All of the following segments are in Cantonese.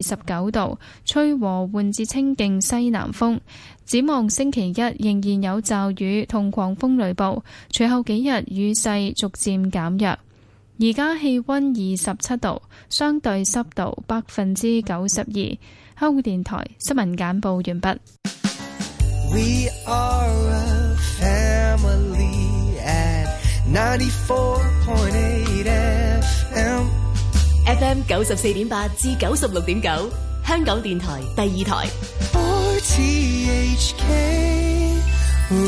二十九度，吹和緩至清勁西南風。展望星期一仍然有驟雨同狂風雷暴，隨後幾日雨勢逐漸減弱。而家氣溫二十七度，相對濕度百分之九十二。香港電台新聞簡報完畢。FM 九十四點八至九十六點九，9, 香港電台第二台。RTHK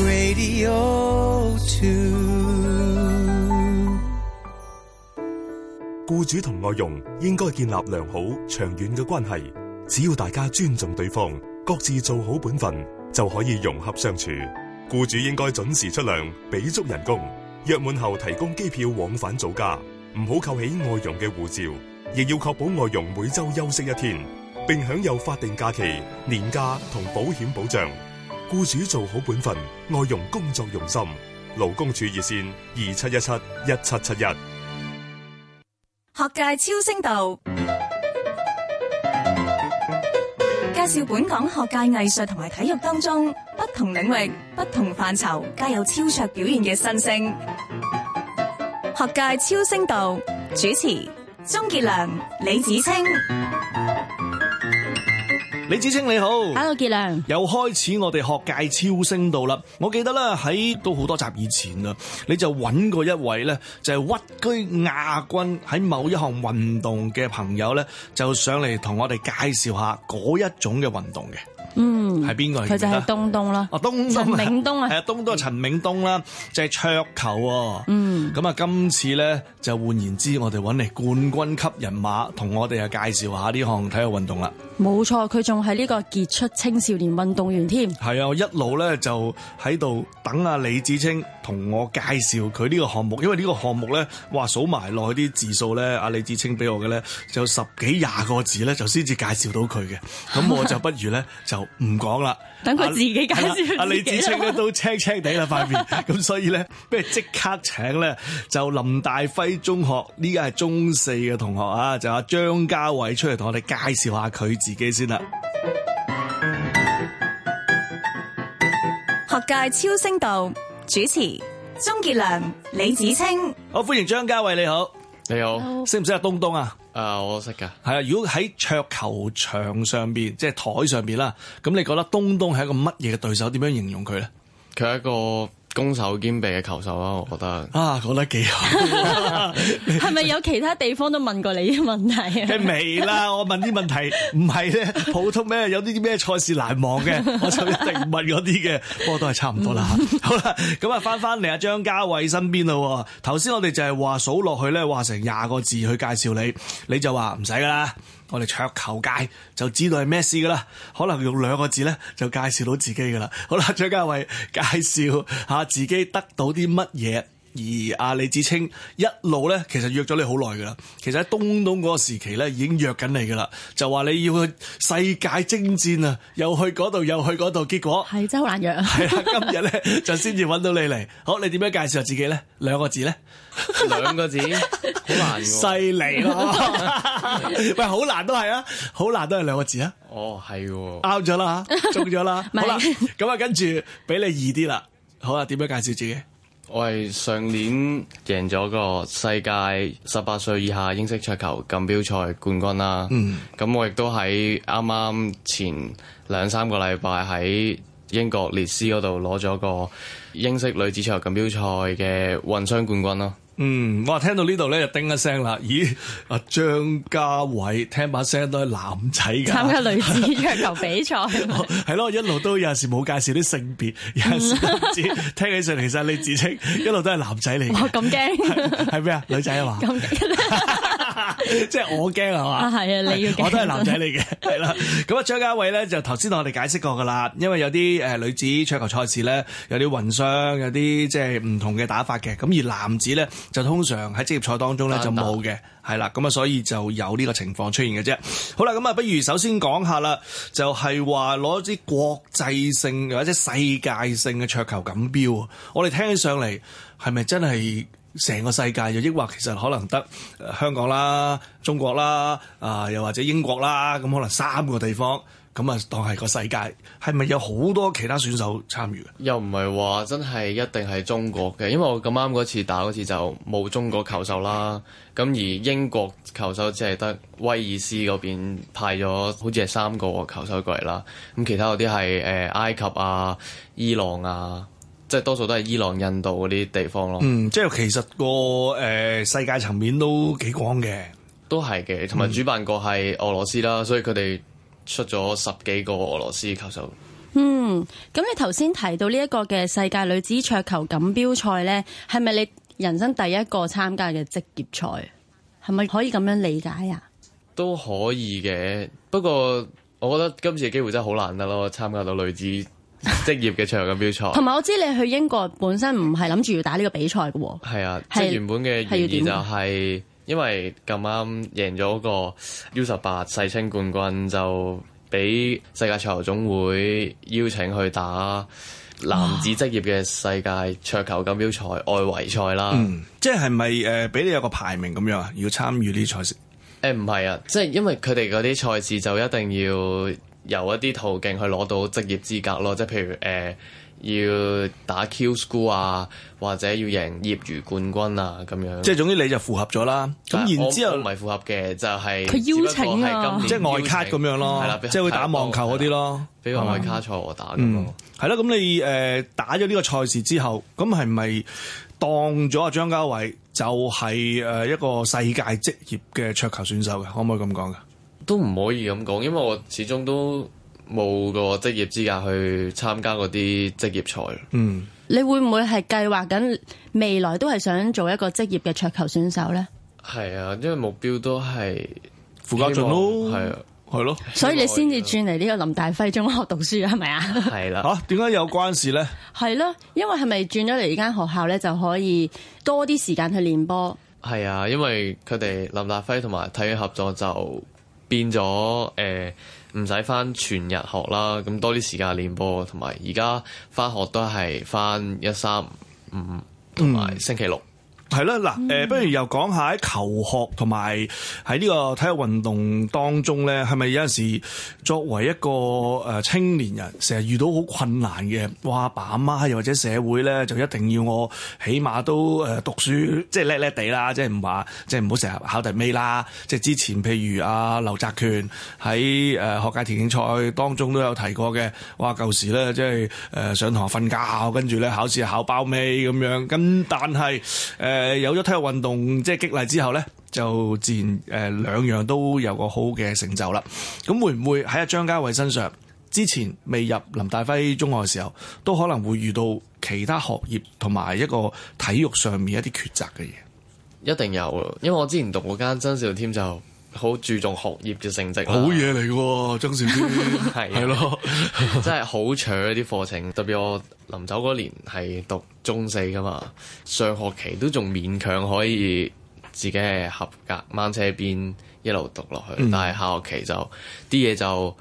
Radio 2。雇主同外傭應該建立良好長遠嘅關係，只要大家尊重對方，各自做好本分，就可以融合相處。雇主應該準時出糧，俾足人工，約滿後提供機票往返祖家，唔好扣起外傭嘅護照。亦要確保外傭每周休息一天，並享有法定假期、年假同保險保障。雇主做好本分，外傭工作用心。勞工處熱線二七一七一七七一。17 17學界超聲道介紹本港學界、藝術同埋體育當中不同領域、不同範疇皆有超卓表現嘅新星。學界超聲道主持，鍾傑良、李芷菁，李芷菁你好，Hello，傑良，又開始我哋學界超新星啦。我記得咧喺都好多集以前啊，你就揾過一位咧就係屈居亞軍喺某一項運動嘅朋友咧，就上嚟同我哋介紹下嗰一種嘅運動嘅。嗯，係邊個？佢就係東東啦，東明東啊，係啊，東東陳明東啦、啊，即係桌球、啊。嗯，咁啊，今次咧就換言之，我哋搵嚟冠軍級人馬，同我哋啊介紹下呢項體育運動啦、啊。冇錯，佢仲係呢個傑出青少年運動員添、啊。係啊，我一路咧就喺度等阿、啊、李芷菁同我介紹佢呢個項目，因為個項呢個項目咧，哇數埋落去啲字數咧，阿李芷菁俾我嘅咧，就十幾廿個字咧，就先至介紹到佢嘅。咁我就不如咧就。 唔講啦，等佢自己介紹、啊。阿、啊、李芷菁咧 都青青地啦塊面，咁 所以咧，不如即刻請咧就林大輝中學呢個係中四嘅同學啊，就阿張家瑋出嚟同我哋介紹下佢自己先啦。學界超聲道主持鍾傑良、李芷菁，好歡迎張家瑋，你好，你好，識唔識阿東東啊？啊！我識㗎，係啊！如果喺桌球場上面，即係台上邊啦，咁你覺得東東係一個乜嘢嘅對手？點樣形容佢咧？佢係一個攻守兼備嘅球手咯我覺得啊，講得幾好 你。係咪有其他地方都問過你啲問題啊？未啦 ，我問啲問題唔係咧，普通咩有啲啲咩賽事難忘嘅，我就一定唔問嗰啲嘅。不過都係差唔多啦。 好啦，咁啊翻翻嚟阿張家瑋身邊咯頭先我哋就係話數落去咧，話成廿個字去介紹你，你就話唔使噶啦。我哋桌球界就知道係咩事噶啦，可能用兩個字咧就介紹到自己噶啦。好啦，張家瑋介紹下自己得到啲乜嘢。而阿李子清一路咧，其實約咗你好耐噶啦。其實喺東東嗰個時期咧，已經約緊你噶啦，就話你要去世界征戰啊，又去嗰度，又去嗰度，結果係真好難約啊。係啦，今日咧 就先至揾到你嚟。好，你點樣介紹自己咧？兩個字咧？兩個字，好 難啊。犀利咯！ 喂，好難都係啊，好難都係兩個字啊。哦，係，啱咗啦，中咗 不是 啦，啦。好啦，咁啊，跟住俾你易啲啦。好啊，點樣介紹自己？我係上年贏咗個世界十八歲以下英式桌球錦標賽冠軍啦，咁、嗯、我亦都喺啱啱前兩三個禮拜喺英國列斯嗰度攞咗個英式女子桌球錦標賽嘅混雙冠軍啦。嗯，我話聽到呢度咧，就叮一聲啦，咦，阿張家瑋聽把聲都係男仔嘅，參加女子桌球比賽，係咯 哦、一路都有時冇介紹啲性別，有陣時 聽起上嚟其實你自稱一路都係男仔嚟，哦， 咁驚係咩啊？女仔係嘛？ 害 即係我驚係嘛？係啊，你要驚。我都係男仔嚟嘅，係啦。咁啊，張家偉咧就頭先同我哋解釋過噶啦，因為有啲誒女子桌球賽事咧有啲混雙，有啲即係唔同嘅打法嘅。咁而男子咧就通常喺職業賽當中咧就冇嘅，係啦、嗯。咁、嗯、啊，所以就有呢個情況出現嘅啫。好啦，咁啊，不如首先講下啦，就係話攞支國際性或者世界性嘅桌球錦標，我哋聽起上嚟係咪真係？成個世界，又抑或其實可能得香港啦、中國啦，啊，又或者英國啦，咁可能三個地方，咁啊當係個世界，係咪有好多其他選手參與？又唔係話真係一定係中國嘅，因為我咁啱嗰次打嗰次就冇中國球手啦，咁而英國球手只係得威爾斯嗰邊派咗，好似係三個球手過嚟啦，咁其他嗰啲係誒埃及啊、伊朗啊。即係多數都係伊朗、印度嗰啲地方咯。嗯，即係其實、個誒、呃、世界層面都幾廣嘅。都係嘅，同埋主辦國係俄羅斯啦，嗯、所以佢哋出咗十幾個俄羅斯球手。嗯，咁你頭先提到呢一個嘅世界女子桌球錦標賽咧，係咪你人生第一個參加嘅職業賽？係咪可以咁樣理解啊？都可以嘅，不過我覺得今次嘅機會真係好難得咯，參加到女子。職業嘅桌球錦標賽，同埋 我知你去英國本身唔係諗住要打呢個比賽嘅，係啊，是即係原本嘅原意就係、是、因為咁啱贏咗個 U 十八世青冠軍，就俾世界桌球總會邀請去打男子職業嘅世界桌球錦標賽哇外圍賽啦。嗯，即係咪誒俾你有個排名咁樣啊？要參與呢啲賽事？誒唔係啊，即係因為佢哋嗰啲賽事就一定要。由一啲途徑去攞到職業資格咯，即係譬如誒、呃、要打 Q School 啊，或者要贏業餘冠軍啊咁樣。即係總之你就符合咗啦。咁但 然之後唔係符合嘅就係。佢邀請啊！即係外卡咁樣咯，請即係會打網球嗰啲咯，比如外卡賽我打咁咯。係啦，咁你誒打咗呢個賽事之後，咁係咪當咗阿張家瑋就係誒一個世界職業嘅桌球選手嘅？可唔可以咁講噶？都唔可以咁講，因為我始終都冇個職業資格去參加嗰啲職業賽。嗯，你會唔會係計劃緊未來都係想做一個職業嘅桌球選手呢？係啊，因為目標都係傅家俊咯，係啊，係咯、啊。所以你先至轉嚟呢個林大輝中學讀書，係咪 啊？係啦、啊。嚇，點解有關事呢？係咯、啊，因為係咪轉咗嚟呢間學校呢，就可以多啲時間去練波？係啊，因為佢哋林大輝同埋體育合作就。變咗誒唔使翻全日學啦，咁多啲時間練波，同埋而家翻學都係翻一三五，同埋星期六。嗯。係啦，嗱、嗯，誒、嗯，不如又講下喺求學同埋喺呢個體育運動當中咧，係咪有陣時作為一個誒青年人，成日遇到好困難嘅，哇，阿爸阿媽又或者社會咧，就一定要我起碼都誒讀書，即係叻叻地啦，即係唔話，即係唔好成日考第尾啦。即係之前，譬如阿劉澤權喺誒學界田徑賽當中都有提過嘅，話舊時咧，即係誒上堂瞓覺，跟住咧考試考包尾咁樣。咁但係誒。呃誒、呃，有咗體育運動即係激勵之後呢，就自然誒、呃、兩樣都有個好嘅成就啦。咁、嗯、會唔會喺阿張家瑋身上，之前未入林大輝中學嘅時候，都可能會遇到其他學業同埋一個體育上面一啲抉擇嘅嘢？一定有，因為我之前讀嗰間曾少添就。好注重學業嘅成績，好嘢嚟嘅，曾少軒係係咯，真係好扯，一啲課程。特別我臨走嗰年係讀中四噶嘛，上學期都仲勉強可以自己係合格，掹車邊一路讀落去。嗯、但係下學期就啲嘢就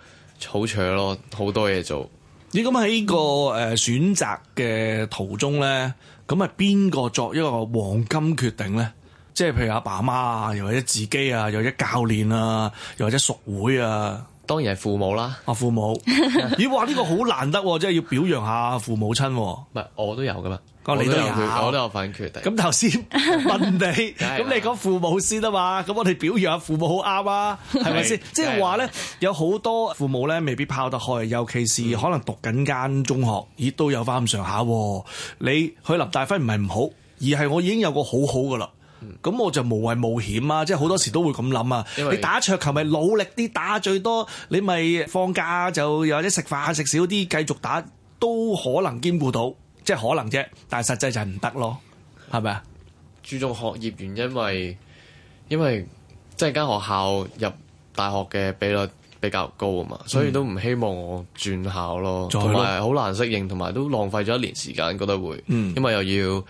好扯咯，好多嘢做。你咁喺呢個誒選擇嘅途中咧，咁啊邊個作一個黃金決定咧？即係譬如阿爸阿媽，又或者自己啊，又或者教練啊，又或者熟會啊，當然係父母啦。阿父母， 咦？哇！呢、這個好難得，即係要表揚下父母親。唔係我都有噶嘛，你都有，我都有份決定。咁頭先問你，咁你講父母先啦嘛？咁我哋表揚下父母好啱啊？係咪先？ 即係話咧，有好多父母咧，未必拋得開，尤其是可能讀緊間中學，亦都有翻咁上下。你去林大輝唔係唔好，而係我已經有個好好噶啦。咁我就無謂冒險啊！即係好多時都會咁諗啊！因為你打桌球咪努力啲打最多，你咪放假就又或者食飯食少啲，繼續打都可能兼顧到，即係可能啫。但係實際就係唔得咯，係咪啊？注重學業原因，因為因為即係間學校入大學嘅比率比較高啊嘛，所以都唔希望我轉校咯，同埋好難適應，同埋都浪費咗一年時間，覺得會，嗯、因為又要。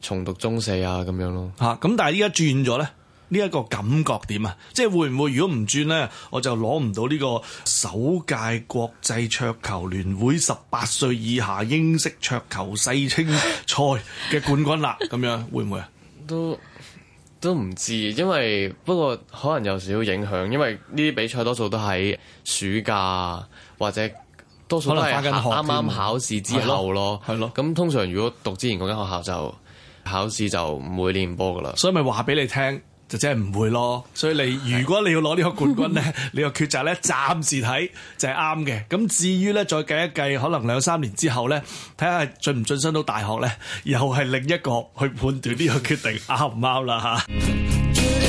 重讀中四啊，咁樣咯。嚇、啊，咁但係依家轉咗呢，呢、這、一個感覺點啊？即係會唔會如果唔轉呢，我就攞唔到呢個首屆國際桌球聯會十八歲以下英式桌球世青賽嘅冠軍啦？咁 樣會唔會啊？都都唔知，因為不過可能有少少影響，因為呢啲比賽多數都喺暑假或者多數都係可能返緊學，啱啱考試之後、啊、咯。係咯。咁、啊、通常如果讀之前嗰間學校就。考試就唔會練波噶啦，所以咪話俾你聽，就真係唔會咯。所以你如果你要攞呢個冠軍咧， 你個抉擇咧暫時睇就係啱嘅。咁至於咧再計一計，可能兩三年之後咧，睇下晉唔晉升到大學咧，又係另一個去判斷呢個決定啱唔啱啦吓。 對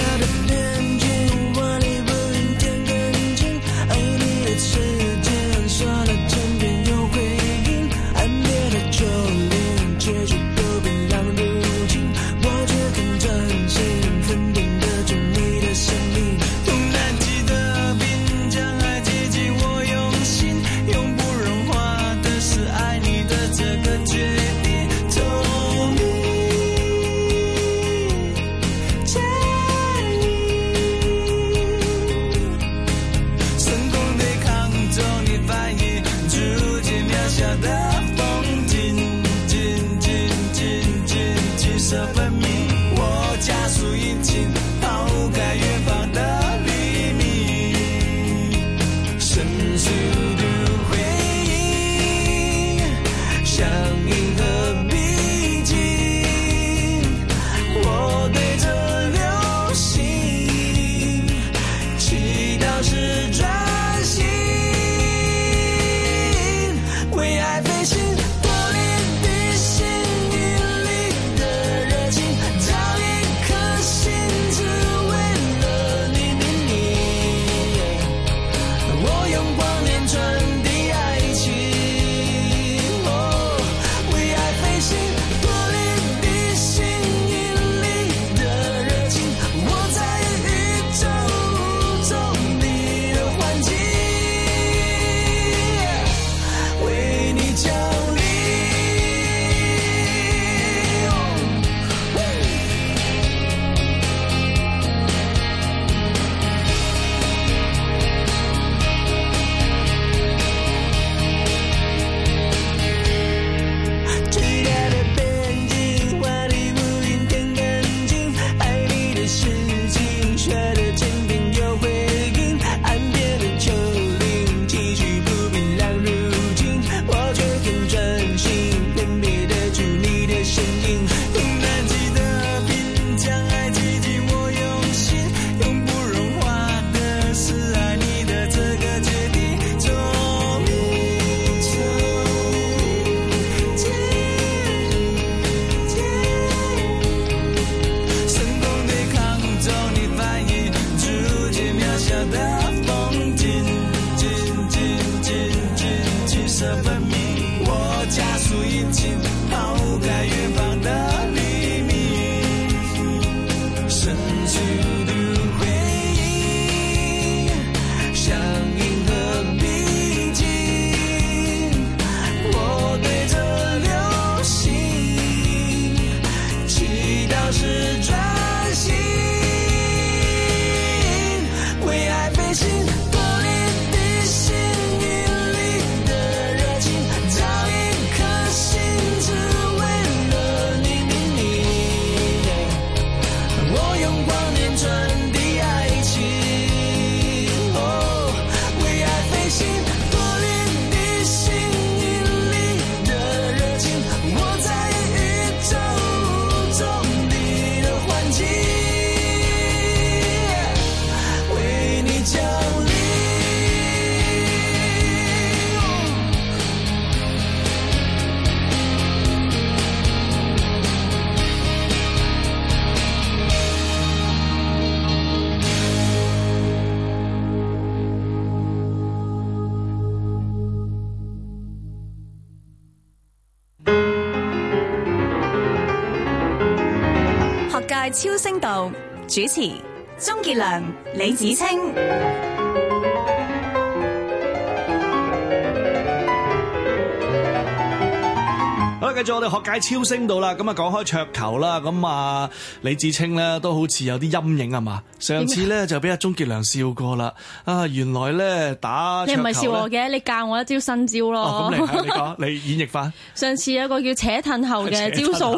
超聲道主持鍾傑良、李芷菁。繼續我哋學界超聲到啦，咁啊講開桌球啦，咁啊李芷菁咧都好似有啲陰影啊嘛？上次咧就俾阿鍾傑良笑過啦，啊原來咧打桌球呢你唔係笑我嘅，你教我一招新招咯、哦。你你演繹翻 上次有個叫扯褪後嘅招數，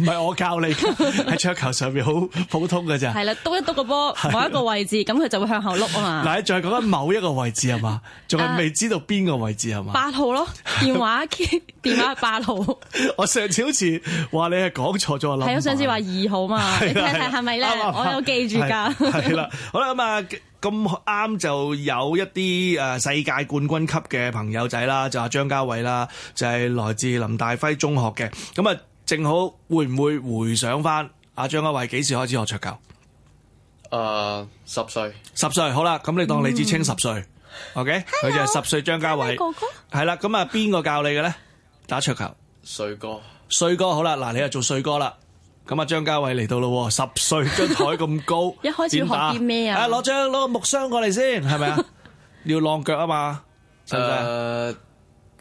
唔係 我教你，喺桌 球上面好普通嘅咋。係啦，篤一篤個波某一個位置，咁佢、啊、就會向後碌啊嘛。嗱 你再講翻某一個位置係嘛，仲係未知道邊個位置係嘛？八、啊、號咯，電話機電話八號。 我上次好似話你係講錯咗，係啊，上次話二號嘛， 的你睇睇係咪咧？對我有記住噶。係 啦，好啦咁啊，咁啱就有一啲誒世界冠軍級嘅朋友仔啦，就話張家瑋啦，就係、是、來自林大輝中學嘅。咁啊，正好會唔會回想翻阿張家瑋幾時開始學桌球？誒、uh，十歲，十歲，好啦，咁你當李芷菁十歲，OK，佢 Hello, 就係十歲張家瑋，係啦 my，咁啊，邊個教你嘅咧？打桌球？帥哥，帥哥，好啦，嗱，你又做帥哥啦。咁啊，張家瑋嚟到咯，十歲張台咁高， 一開始要學啲咩啊？啊，攞張攞個木箱過嚟先，係咪啊？ 要浪腳啊嘛？誒，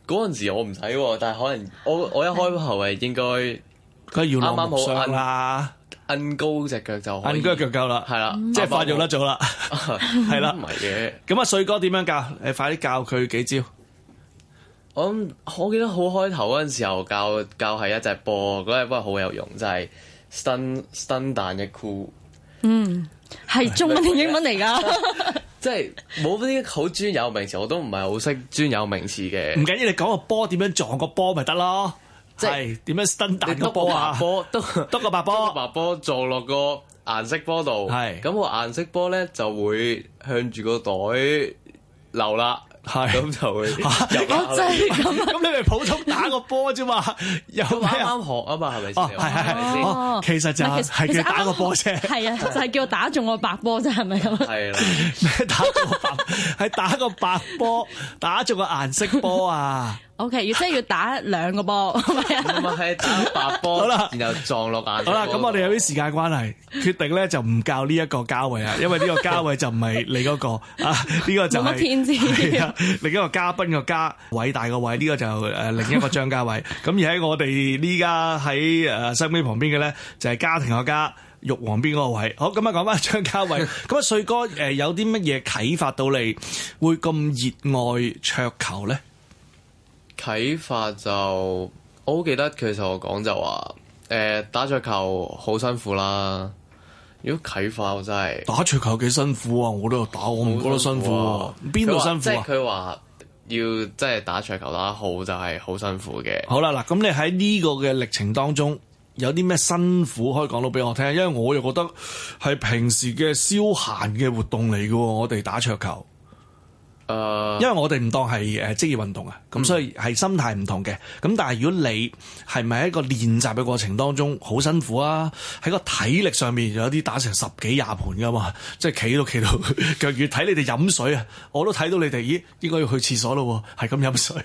嗰陣、呃、時我唔使，但係可能我我一開頭係應該佢要啱啱好，按啦，按高隻腳就摁高隻腳夠啦，係啦、嗯，即係發育得咗啦，係啦、嗯，唔係嘅。咁啊、嗯，帥、嗯、 哥點樣教？你快啲教佢幾招。我我記得好開頭嗰陣時候教教係一隻波嗰隻波好有用，就係 stun stun 彈一箍。嗯，係中文定英文嚟㗎？ 即係冇啲好專有名詞，我都唔係好識專有名詞嘅。唔緊要，你講個波點樣撞個波咪得咯？即係點樣 stun 彈個波啊？波都篤個白波， 個白波 撞落個顏色波度。係咁是，個顏色波咧就會向住個袋流啦。係咁就會，咁你咪普通打個波啫嘛，又啱啱學啊嘛，係咪先？哦，係係係，其實就係叫打個波啫，係啊，就係叫打中個白波啫，係咪咁？係啦，咩打中個白？係打個白波，打中個顏色波啊！O K，亦都係要打兩個波，係打白波，好啦，然後撞落眼。好啦，咁我哋有啲時間關係，決定咧，就唔教呢一個嘉偉啊，因為呢個嘉偉就唔係你嗰個啊，呢個就係天資。另一個嘉賓個嘉偉大個位，呢個就誒另一個張家瑋。咁而喺我哋呢家喺誒收機旁邊嘅咧，就係家庭個家玉皇邊個位。好，咁啊講翻張家瑋。咁啊，帥哥誒，有啲乜嘢啟發到你，會咁熱愛桌球咧？啟發就我好記得說說，其實我講就話誒打桌球好辛苦啦。如果啟發我真係打桌球幾辛苦啊！我都有打，我唔覺得辛苦喎、啊。邊度說辛苦啊？佢話要即係打桌球打得好就係好辛苦嘅。好啦，嗱，咁你喺呢個嘅歷程當中有啲咩辛苦可以講到俾我聽？因為我又覺得係平時嘅消閒嘅活動嚟㗎，我哋打桌球。因為我哋唔當係誒職業運動啊，咁所以係心態唔同嘅。咁但係如果你係咪喺一個練習嘅過程當中好辛苦啊？喺個體力上面有啲打成十幾廿盤噶嘛，即係企到企到腳軟，睇你哋飲水啊，我都睇到你哋，咦，應該要去廁所咯，係咁飲水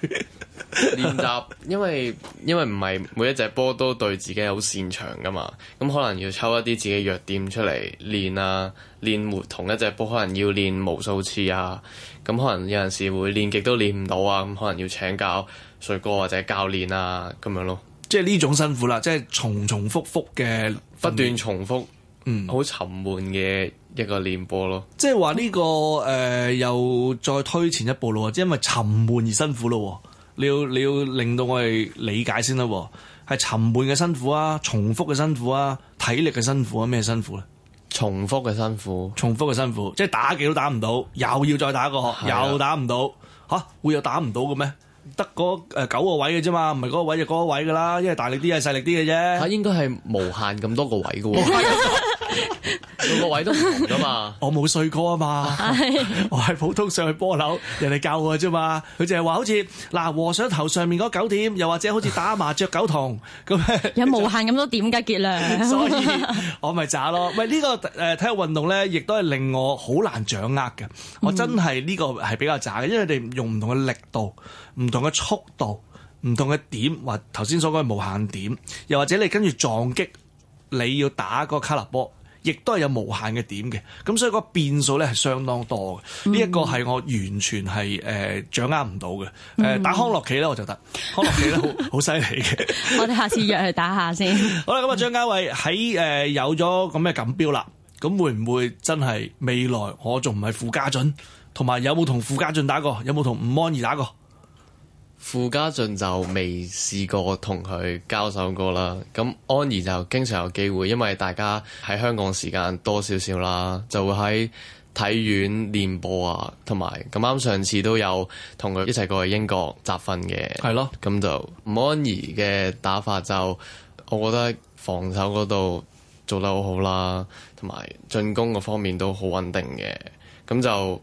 練習，因為因為唔係每一隻波都對自己好擅長噶嘛，咁可能要抽一啲自己弱點出嚟練啊，練活同一隻波可能要練無數次啊。咁可能有陣時會練極都練唔到啊！咁可能要請教帥哥或者教練啊，咁樣咯。即係呢種辛苦啦，即係重重複複嘅不斷重複，嗯，好沉悶嘅一個練波咯。嗯、即係話呢個誒、呃、又再推前一步咯，即係因為沉悶而辛苦咯。你要你要令到我哋理解先得，係沉悶嘅辛苦啊，重複嘅辛苦啊，體力嘅辛苦啊，咩辛苦啊？嗯重複嘅辛苦，重複嘅辛苦，即係打幾都打唔到，又要再打一個學，是啊、又打唔到，吓、啊？會有打唔到嘅咩？得嗰九個位嘅啫嘛，唔係嗰個位就嗰個位噶啦，因為大力啲，一係細力啲嘅啫。嚇，應該係無限咁多個位嘅喎。個位都唔同噶嘛， 我冇睡過啊嘛， 我係普通上去波樓，人哋教我啫嘛。佢淨係話好似嗱和尚頭上面嗰九點，又或者好似打麻雀九筒咁 有無限咁多點噶結論， 所以我咪渣咯。喂、 這個，呢個誒體育運動咧，亦都係令我好難掌握嘅。嗯、我真係呢個係比較渣嘅，因為佢哋用唔同嘅力度、唔同嘅速度、唔同嘅點，或頭先所講嘅無限點，又或者你跟住撞擊，你要打個卡拉波。亦都係有無限嘅點嘅，咁所以個變數咧係相當多嘅。呢一個係我完全係誒掌握唔到嘅。誒、嗯、打康樂棋咧我就得，康樂棋咧好好犀利嘅。 我哋下次約去打下先。 好啦，咁啊張家瑋喺誒有咗咁嘅錦標啦，咁會唔會真係未來我仲唔係傅家俊？同埋有冇同傅家俊打過？有冇同吳安儀打過？傅家俊就未試過同佢交手過啦，咁安怡就經常有機會，因為大家喺香港時間多少少啦，就會喺體院練波啊，同埋咁啱上次都有同佢一齊過去英國集訓嘅。係咯的，咁就唔安怡嘅打法就，我覺得防守嗰度做得好好啦，同埋進攻嗰方面都好穩定嘅，咁就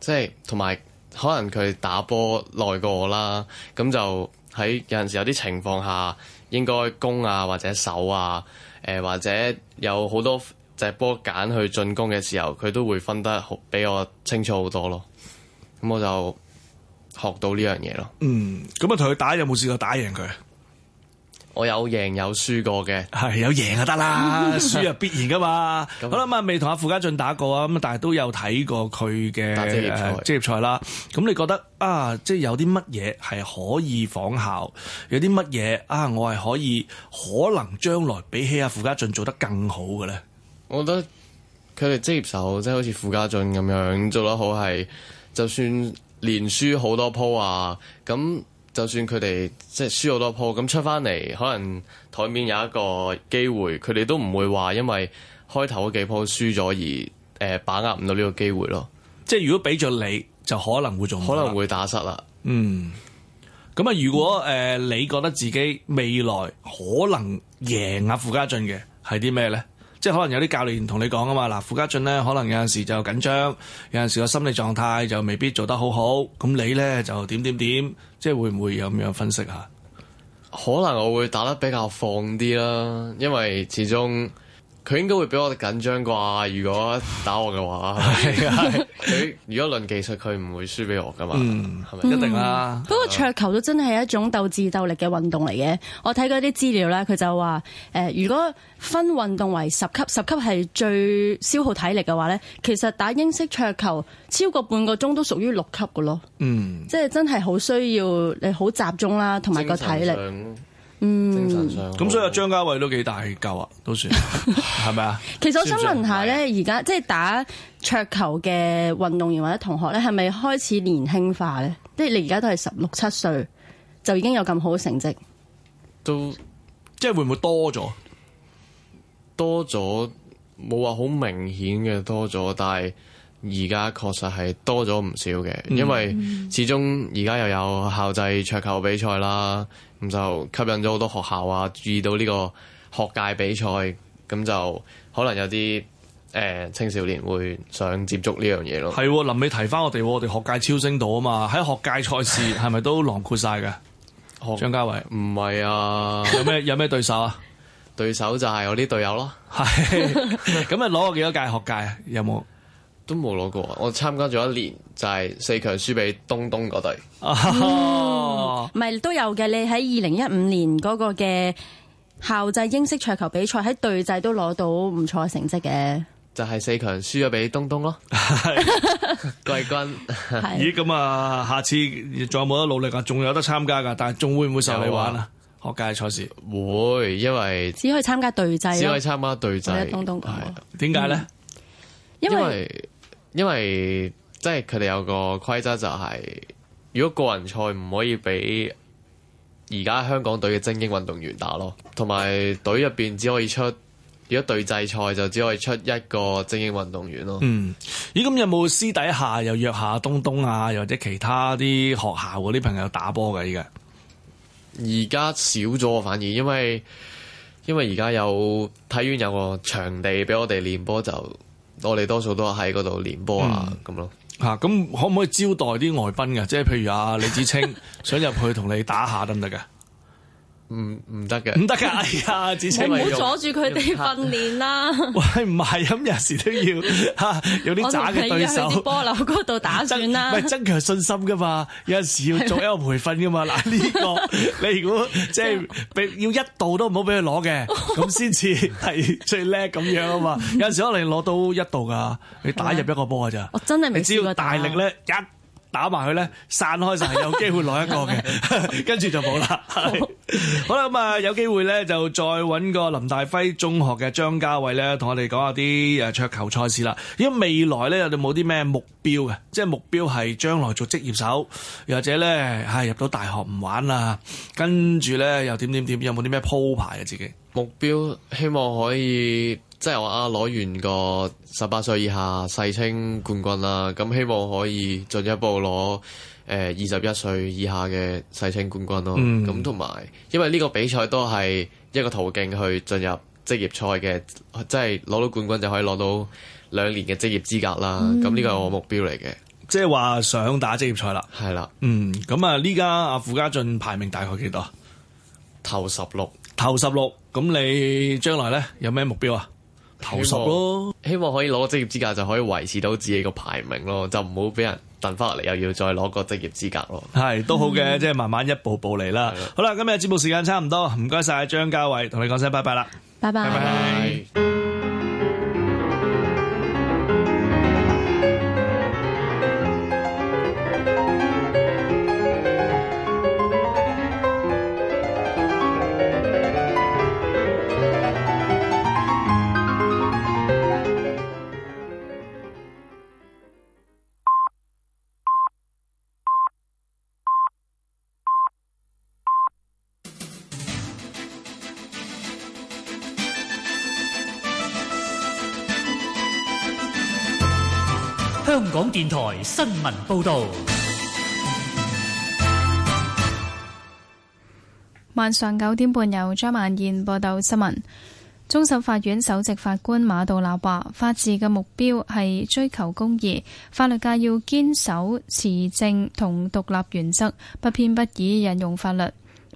即係同埋。就是可能佢打波耐過我啦，咁就喺有陣時有啲情況下，應該攻啊或者守啊，誒、呃、或者有好多隻波揀去進攻嘅時候，佢都會分得好比我清楚好多咯。咁我就學到呢樣嘢咯。嗯，咁啊同佢打有冇試過打贏佢？我有贏有輸過嘅，係有贏就得啦，輸就 必然噶嘛。 那好啦，咁啊未同阿傅家俊打過啊，咁但係都有睇過佢嘅職業賽啦。咁你覺得啊，即係有啲乜嘢係可以仿效？有啲乜嘢啊？我係可以可能將來比起阿傅家俊做得更好嘅咧？我覺得佢哋職業手即係好似傅家俊咁樣做得好，係就算連輸好多鋪啊，咁。就算佢哋即係輸好多鋪，咁出翻嚟可能台面有一個機會，佢哋都唔會話因為開頭嗰幾鋪輸咗而誒、呃、把握唔到呢個機會咯。即係如果俾咗你，就可能會做，可能會打失啦。嗯，咁啊，如果誒、呃、你覺得自己未來可能贏啊傅家俊嘅係啲咩咧？即係可能有啲教練同你講啊嘛，嗱傅家俊咧可能有陣時就緊張，有陣時個心理狀態就未必做得好好，咁你咧就點點點，即係會唔會有咁樣分析下？可能我會打得比較放啲啦，因為始終。佢應該會比我哋緊張啩，如果打我嘅話，係佢 如果論技術，佢唔會輸俾我噶嘛，係咪？一定啦。不過桌球都真係一種鬥智鬥力嘅運動嚟嘅。我睇過啲資料咧，佢就話誒、呃，如果分運動為十級，十級係最消耗體力嘅話咧，其實打英式桌球超過半個鐘都屬於六級㗎咯。嗯，即係真係好需要你好集中啦，同埋個體力。嗯，精神上，咁所以張家瑋都幾大氣夠啊，都算係咪啊？ 吧 其實我想問下呢，而家即係打桌球嘅運動員或者同學呢，係咪開始年輕化呢？即係你而家都係十六七歲，就已經有咁好嘅成績，都即係會唔會多咗？多咗冇話好明顯嘅多咗，但係而家確實係多咗唔少嘅，嗯、因為始終而家又有校際桌球比賽啦。咁就吸引咗好多學校啊！注意到呢個學界比賽，咁就可能有啲誒青少年會想接觸呢樣嘢咯。係喎，臨尾提翻我哋，我哋學界超星到啊嘛！喺學界賽事係咪都囊括晒㗎？張家瑋唔係啊？有咩有咩對手啊？對手就係我啲隊友咯。係咁啊！攞過幾多屆學界有冇？都冇攞過，我參加咗一年，就係、是、四強輸俾東東嗰隊。哦、oh. 嗯，唔係都有嘅，你喺二零一五年嗰個嘅校際英式桌球比賽喺隊際都攞到唔錯嘅成績嘅，就係四強輸咗俾東東咯。季軍，咦咁啊，下次仲有冇得努力得會會啊？仲有得參加噶，但係仲會唔會受你玩啊？學界賽事會，因為只可以參加隊際，只可以參加隊際。東東講、那個，點解咧？為因為。因為 因為即係佢哋有個規則就係，如果個人賽唔可以俾而家香港隊嘅精英運動員打咯，同埋隊入邊只可以出，如果隊際賽就只可以出一個精英運動員咯。嗯，咦咁有冇私底下又約下東東啊，又或者其他啲學校嗰啲朋友打波噶？依家而家少咗，反而因為因為而家有體院有個場地俾我哋練波就。我哋多數都喺嗰度練波、嗯、啊，咁咯。吓，咁可唔可以招待啲外賓㗎？即係譬如啊，李芷菁想入去同你打下得唔得㗎？唔唔得嘅，唔得噶，哎呀，芷菁，唔好阻住佢哋訓練啦。喂， 唔係，咁有時都要吓，有啲渣嘅對手。 我波樓嗰度打轉啦，唔增強信心噶嘛，有陣時要做一個培訓噶嘛。嗱呢嗎、啊這個 你如果即係俾要一度都唔 好俾佢攞嘅，咁先至係最叻咁樣啊嘛。有陣時可能攞到一度噶，你打入一個波噶咋？我真係未知，要大力咧一。打埋佢咧，散開晒，有機會攞一個嘅，跟住 就冇啦。 好啦，咁啊，有機會咧就再搵個林大輝中學嘅張家瑋咧，同我哋講下啲誒桌球賽事啦。如果未來咧有冇啲咩目標嘅，即係目標係將來做職業手，又或者咧，唉、哎、入到大學唔玩啦、啊，跟住咧又點點點，有冇啲咩鋪排啊？自己目標希望可以。即係我啊，攞完個十八歲以下世青冠軍啦，咁希望可以進一步攞誒二十一歲以下嘅世青冠軍咯。咁同埋，因為呢個比賽都係一個途徑去進入職業賽嘅，即係攞到冠軍就可以攞到兩年嘅職業資格啦。咁呢個係我目標嚟嘅，即係話想打職業賽啦。係啦，嗯，咁啊，呢家，阿傅家俊排名大概幾多？頭十六，頭十六。咁你將來呢，有咩目標啊？投訴咯，希望可以攞個職業資格就可以維持到自己個排名咯，就唔好俾人抌翻落嚟，又要再攞個職業資格咯。係都好嘅，嗯、即係慢慢一步步嚟啦。的好啦，今日節目時間差唔多，唔該晒張家瑋，同你講聲拜拜啦，拜拜。Bye bye bye bye 新聞報道。晚上九點半，由張曼燕報道新聞。終審法院首席法官馬道立話，法治嘅目標係追求公義，法律界要堅守持正同獨立原則，不偏不倚引用法律。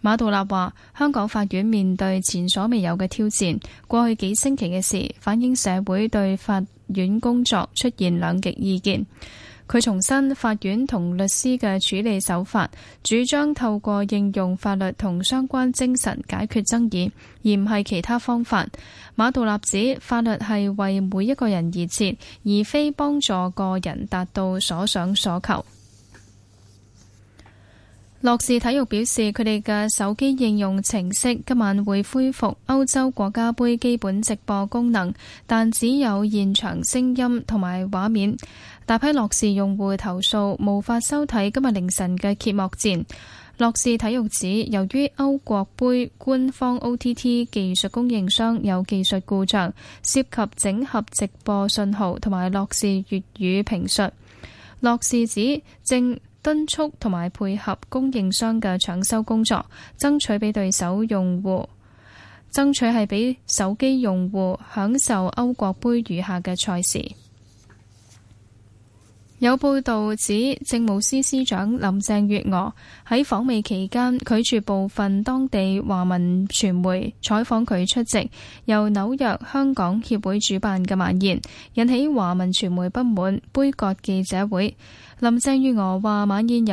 馬道立話，香港法院面對前所未有嘅挑戰，過去幾星期嘅事反映社會對法院工作出現兩極意見。佢重申法院同律師嘅處理手法，主張透過應用法律同相關精神解決爭議，而唔係其他方法。馬道立指法律係為每一個人而設，而非幫助個人達到所想所求。樂視體育表示，佢哋嘅手機應用程式今晚會恢復歐洲國家杯基本直播功能，但只有現場聲音同埋畫面。大批樂視用戶投訴無法收睇今日凌晨嘅揭幕戰。樂視體育指，由於歐國杯官方 OTT 技術供應商有技術故障，涉及整合直播信號同埋樂視粵語評述。樂視指正。敦促同埋配合供應商嘅搶修工作，爭取畀對手用戶，爭取係畀手機用戶享受歐國杯餘下嘅賽事。有報道指，政務司司長林鄭月娥喺訪美期間拒絕部分當地華文傳媒採訪，佢出席由紐約香港協會主辦嘅晚宴，引起華文傳媒不滿，杯葛記者會。林鄭月娥話晚宴有。